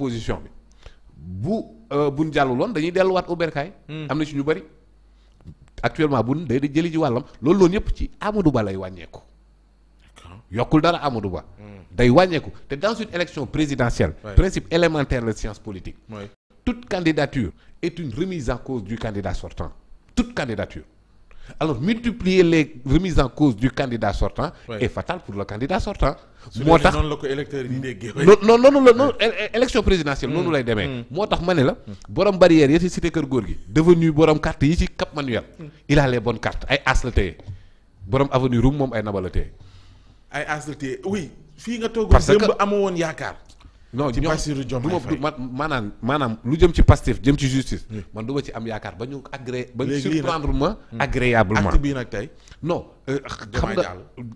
opposition bi bu euh, buñ jàlluloon dañuy delluwaat uberkaay hmm. am na si ñu bëri actuellement buñ day di jëli ji wàllam loolu loolu yëpp ci Amadou Ba lay wàññeeku yokkul dara Amadou Ba hmm. day wàññeeku te dans une élection présidentielle oui. principe élémentaire de science politique oui. toute candidature est une remise en cause du candidat sortant toute candidature alors multiplier les remises en cause du candidat sortant oui. fatal pour le candidat sortant moo tax noonu la ko électeur yi déggee non noonu la noonu élection présidentielle noonu mm. lay demee mm. moo tax ma ne la mm. borom barrière yi ci cité kër góor gi devenu borom carte yi ci Cap Manuel il a les bonnes cartes ay as la téye borom avenue Roum moom ay naba la ay as la téye oui fii nga toog démb amoo woon yaakaar non ci Bassirou Diomaye ma maanaam maanaam lu jëm ci Pastef jëm ci justice. man duma ci am yaakaar ba ñu agréé. ba surprendre ma hmm. agréablement acte bii nag tey non. Euh, xam nga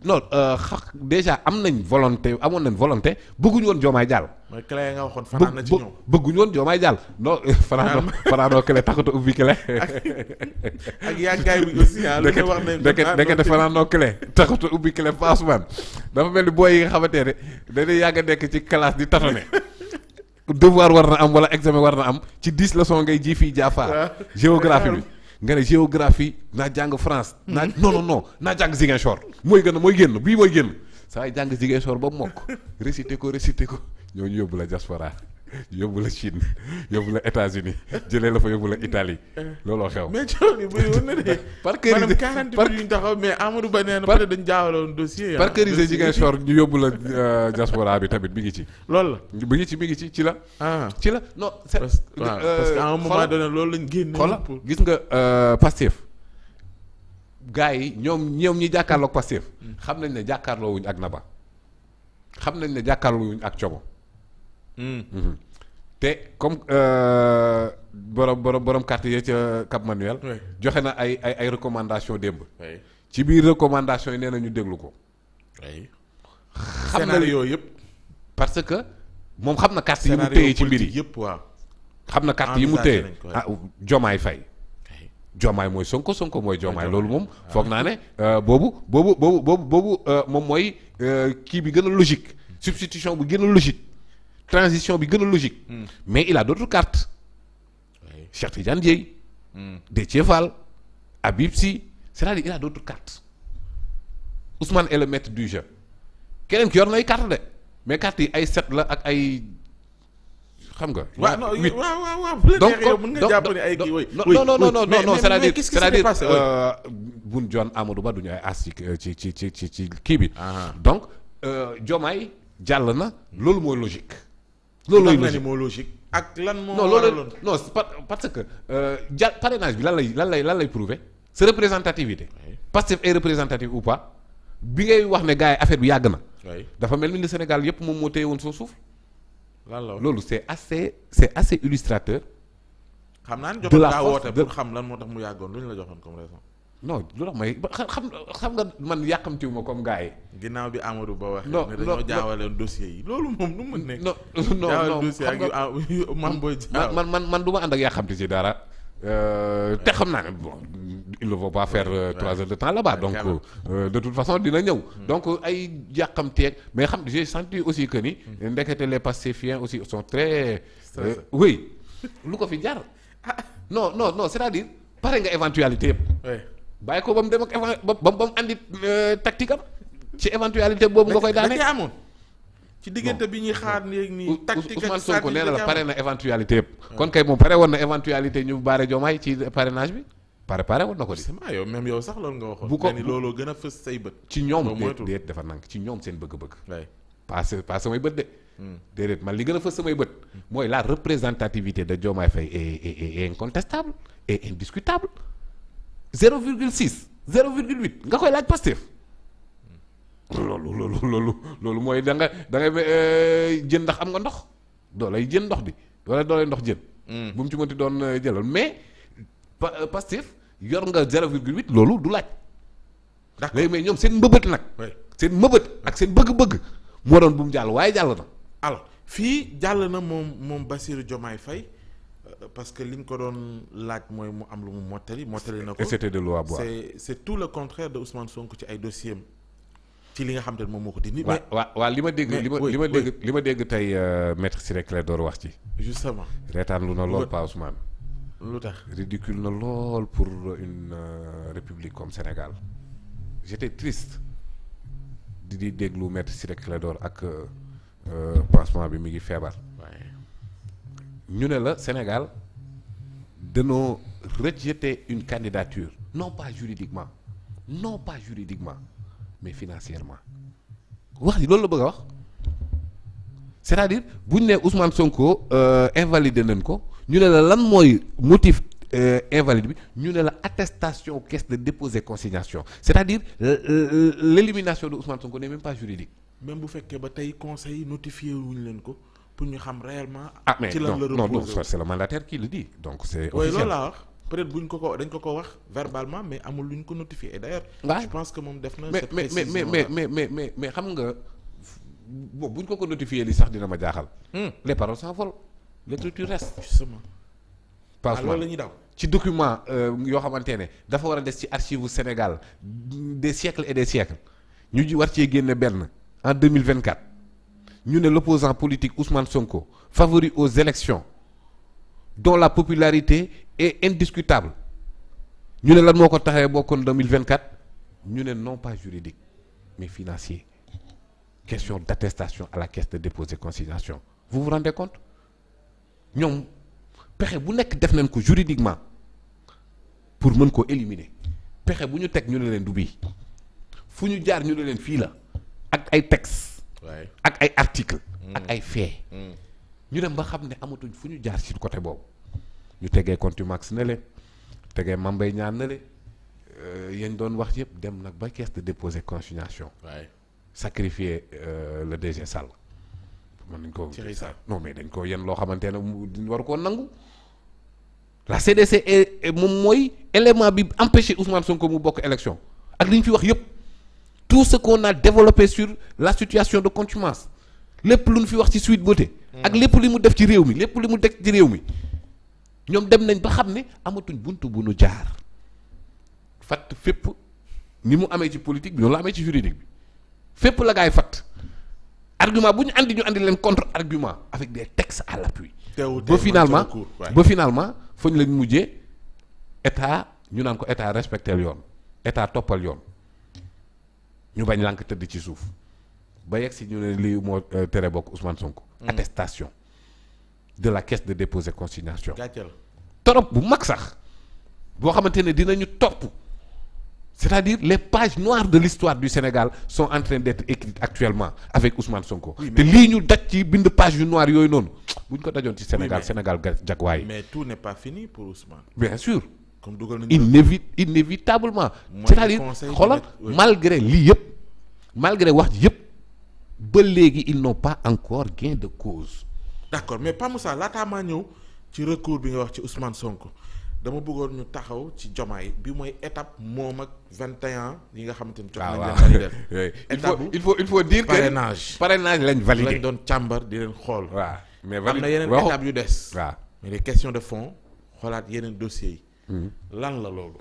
non euh, xa déjà am nañ volonté amoon nañ volonté bëgguñu woon joomaay jàll. mooy clé nga waxoon fanaan na ci ñoom bëgguñu woon joomaay jàll. non euh, fanaanoo fanaanoo clé taxut a ubbi clé. ak yàggaay bi aussi ah lu ñu wax ne. ndeket ndeket fanaanoo clé taxut a ubbi clé Ousmane dafa mel ni booy yi nga xamante ne dañuy yàgg nekk ci classe di tatone devoir war na am wala examen war na am ci dix leçons ngay ji fii jaafaar ah. géographie bi. nga ne géographie naa jàng France. naa hmm. non non naa jàng Ziguinchor. mooy gën mooy génn bii mooy génn saa jàng Ziguinchor ba mokk récité ko récité ko ñoo ñu yóbbu la diaspora yóbbu la Chine yóbbu la États-Unis jëlee la fa yóbbu la Italie looloo xew. mais coow li bëri woon na de. par ñu taxaw mais Amadou Ba nee na peut-être dañu jaawaloon dossier. par kër ñu yóbbu la euh, diaspora bi tamit bi ngi ci. lool la bi ngi ci mi ngi ci ci la. Ah. ci la non. parce que euh, loolu lañ génn. xoolal gis nga euh, Pastef. gars yi ñoom ñoom ñi jàkkaarloog Pastef. Mm. xam nañ ne jàkkaarloo wuñ ak Naba. xam nañ ne jàkkaarloo wuñ ak Como. Mm-hmm. te comme euh, borom borom borom carte yi ca Cap Manuel. joxe na ay ay ay recommandations démb. ci biir recommandations yi nee na ñu déglu ko. xam na yooyu yëpp. parce que moom xam na carte yi mu téye yëpp waaw. xam na carte yi mu téye ah Jomaay Fay Jomaay mooy Sonko Sonko mooy Jomaay loolu moom ah. foog naa ne euh, boobu boobu boobu boobu euh, moom mooy kii bi gën a logique substitution bu gën a logique. transition bi gën a logique. Hmm. mais il a d'autres cartes. oui Cheikh Tidiane Dièye. Hmm. Déthié Fall. Habib Sy cest il a d'autres cartes. Ousmane est le du jeu. keneen ki yor na ay de mais cartes yi ay sept la ak ay. xam nga waaw non waaw waaw waaw bu la neexee yow mën nga jàpp euh, ne Amadou Ba duñu ay as euh, ci ci ci ci ci kii bi. Ah. donc euh, Diomaye jàll na loolu mooy logique. loolu lay moo logique ak lan moo non loolu non parce que euh, ja parrainage bi lan lay lan lay lan lay prouver sa représentativité Pastef est représentative ou pas bi ngay wax ne gars yi affaire bi yàgg na dafa mel ni ne Sénégal yépp moom moo téye woon soo suuf loolu c'est assez c'est assez illustrateur xam naa ni joxoon daa woote pour xam lan moo tax mu yàggoon lu ñu la joxoon comme raison non lu tax may xam xam nga man yàqamtiwu ma comme gars yi. ginnaaw bi Amadou Ba waxee. non non ne dañoo jaawale dossier yi loolu moom nu mu mën nekk. man booy man man du ma ànd ak yàqamti ci dara. Euh, te xam naa ne bon il ne faut pas faire euh, trois heures de temps là-bas donc euh, de toute façon dina ñëw hmm. donc ay yàqamteeg mais xam j'ai senti aussi que ni hmm. ndekete les pacifiens aussi sont très oui lu ko fi jar ah. no non non c'est-à-dire pare nga éventualité bàyyi ko ba mu dem ak éva ba mu andi euh, tactique am ci éventualité boobu nga koy daanee da amoon. ci diggante bi ñuy xaar léegi nii. tactique Ousmane Sonko nee na la pare na éventualité yëpp. kon kay moom pare woon na éventualité ñu baare Diomaye ci parrainage bi. pare pare woon na ko di. yow même yow sax nga waxoon. bu ko looloo gën a fës say bët. ci ñoom déet déet dafa nank ci ñoom seen bëgg-bëgg. waay paase paase samay bët de. Hmm. déedéet man li gën a fës samay bët. Hmm. mooy la représentativité de Diomaye fay est est est incontestable et indiscutable. zéro virgule six zéro virgule huit nga koy laaj Pastef loolu loolu loolu loolu mooy da nga da nga euh, jën ndax am nga ndox doo lay jën ndox di wala doo lay ndox jën hmm. bu mu ci mënti doon euh, jëlal mais euh, Pastef yor nga zéro virgule huit loolu du laaj d'accord léegi mais ñoom seen mbëbët nag seen mbëbët ak seen bëgg-bëgg moo doon bu mu jàll waaye jàll na alors fii jàll na moom moom Bassirou Diomaye fay parce que li ñu ko doon laaj mooy mu am lu mu mottali mottali na ko c'était de loi bois c'est c'est tout le contraire de Ousmane Sonko ci ay dossiers ci li nga xam te ne moom moo ko dindi. mais waaw waa li ma dégg li ma li ma dégg li ma dégg tey euh, maître Ciré door wax ci. justement reetaan lu na lool Pa Ousmane. lu tax ridicule na lool pour une euh, république comme Sénégal j'étais triste di di déglu maître Ciré Clédor ak euh, pansement bi mu ngi feebar. ñu ne la Sénégal danoo rejeter une candidature non pas juridiquement non pas juridiquement mais financièrement wax ji loolu la bëgg a wax c'est-à-dire bu ñu nee Ousmane Sonko euh, invalidé nañ ko ñu ne la lan mooy motif euh, invalide bi ñu ne la attestation caisse de dépôt et consignation c'est-à-dire l'élimination de Ousmane Sonko n'est même pas juridique. même bu fekkee ba tey conseil notifié wuñ leen ko. pour ñu xam réellement. ah mais non non non c'est le mandataire qui le dit donc c'est officiel laa wax peut-être buñ ko ko dañ ko ko wax verbalement mais amul luñ ko notifié et d'ailleurs. je pense que moom def na. cette précision mais mais mais mais mais mais xam nga boobu buñ ko ko notifié li sax dina ma jaaxal. Hmm. les paroles s'envolent le truc reste. justement ah loolu la ñuy daw ci document euh, yoo xamante ne dafa war a des ci archive bu Sénégal des siècles et des siècles ñu ji war ci génne benn en mille vingt-quatre ñu ne l'opposant politique Ousmane Sonko favori aux élections dont la popularité et indiscutable ñu ne lan moo ko taxee bokkoon 2024 ñu ne non pas juridique mais financier question d'attestation à la caisse de dépôt et consignation vous vous rendez compte ñoom pexe bu nekk def nañ ko juridiquement pour mën ko éliminer pexe bu ñu teg ñu ne leen du bii fu ñu jaar ñu ne leen fii la ak ay textes ak ay article mm. ak ay fait mm. ñu dem ba xam ne amatuñ fu ñu jaar ci côté boobu ñu tegee contumax na le tegee mambay ñaar na le euh, yéen doon wax yëpp dem nag ba caisse de déposer consignation sacrifier euh, le DG Sall man nañ ko non mais dañ koo yenn loo xamante ne duñ war koo nangu la CDC moom mooy élément bi empêché Ousmane ko mu bokk élection ak li ñu fi wax yëpp tout ce qu'on a développé sur la situation de contumace lépp lu ñu fi wax ci Sweet Beauté ak lépp li mu def ci réew mi lépp li mu teg ci réew mi ñoom dem nañ ba xam ne amatuñ bunt bu nu jaar fat fépp ni mu amee ci politique bi noonu la amee ci juridique bi fépp la gaay fatt argument bu ñu indi ñu andi leen contre argument avec des textes à l'appui ba finalement ba finalement fa ñu leen mujjee état ñu naan ko état respectel yoon état toppal yoon ñu bañ lank tëdd ci suuf ba yegg si ñu ne lii moo euh, tere bokk Ousmane Sonko. Mm. attestation de la caisse de dépôt et consignation. torop bu mag sax boo xamante ne dinañu topp c'est-à-dire les pages noires de l'histoire du Sénégal sont en train d'être écrites actuellement avec Ousmane Sonko. te lii ñu daj ci bind page yu noires yooyu noonu bu ñu ko dajoon ci Sénégal Sénégal jag waay. mais tout n'est pas pour Ousmane. bien sûr. comme dugal nañu inévi inévitablement. c'est-à-dire xoolal malgré lii yëpp malgré wax ji yëpp ba léegi ils n'ont pas encore gain de cause. d'accord mais Pa Moussa laataa maa ñëw ci recours bi nga wax ci Ousmane sonk dama bëggoon ñu taxaw ci jomaay bi mooy étape moom ak 21 yi nga xamante ni. jox ah, nañ leen il faut il faut dire que parrainage lañ validé lañ doon càmbar di leen xool. waaw mais validé na yeneen étape yu des. waaw mais les questions de fonds xoolaat yeneen dossiers yi. lan la loolu.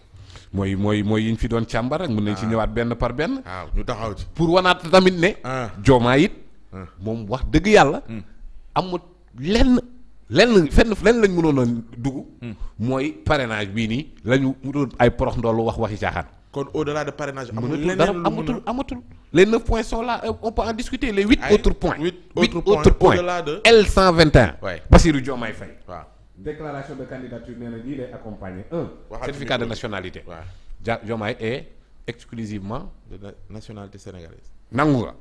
mooy mooy mooy yi ñu fi doon càmbar rek. mun nañ ci ah. ñëwaat benn par benn. waaw ñu taxaw ci. pour wanaat tamit ne. joomaa ah. it. Ah. moom wax dëgg yàlla. Hmm. amut lenn. lenn fenn lenn lañ mënoon a dugg. Hmm. mooy parrainage bii nii lañu mu doon ay porox ndoolu wax waxi caaxaan. kon au delà de parrainage. amatul dara amatul amatul. les neuf points sont là euh, en discuter les huit autres points. huit autres points au delà vingt un. Bassirou Diomaye Faye déclaration de candidature nee na lay accompagner un certificat de nationalité ja Diomaye est exclusivement de la nationalité sénégalaise nangu nga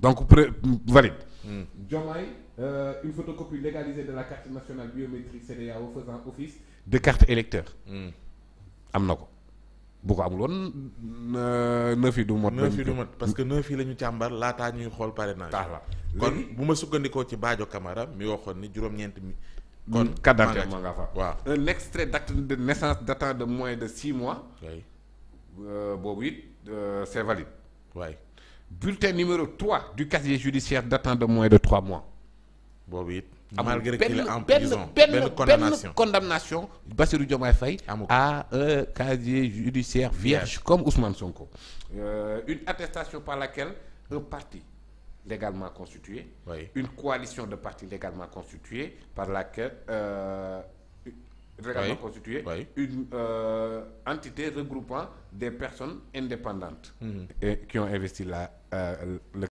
donc pré valide hmm. Diomaye euh, une photocopie légalisée de la carte nationale biométrique CEDEAO faisant office de carte électeur hmm. am na ko bu ko amul woon euh, neuf yi du mot. neuf du mot parce que neuf yi la ñu càmbar laata ñuy xool parrainage. kon bu ma sukkandikoo ci baajo Camara mi waxoon ni juróom-ñeent mi. kon carte a moo nga fa waaw un extrait d'acte de naissance datant de moins de six mois. oui euh, boobu it euh, c'est valide. waay bulletin numéro trois du casier judiciaire datant de moins de trois mois. boobu it. malgré qu'il est en prison benn benn benn condamnation. Bassirou Diomaye Faye. à un casier judiciaire vierge. comme Ousmane Sonko. Euh, une attestation par laquelle un parti. légalement constituée. Oui. Une coalition de partis légalement constituée par la euh, légalement oui. constituée, une euh, entité regroupant des personnes indépendantes mm-hmm. qui ont investi euh,